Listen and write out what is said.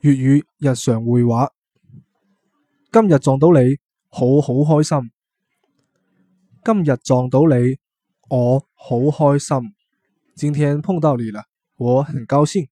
粵語日常會話，今日撞到你，好好開心。今日撞到你，我好開心。今天碰到你了，我很高興。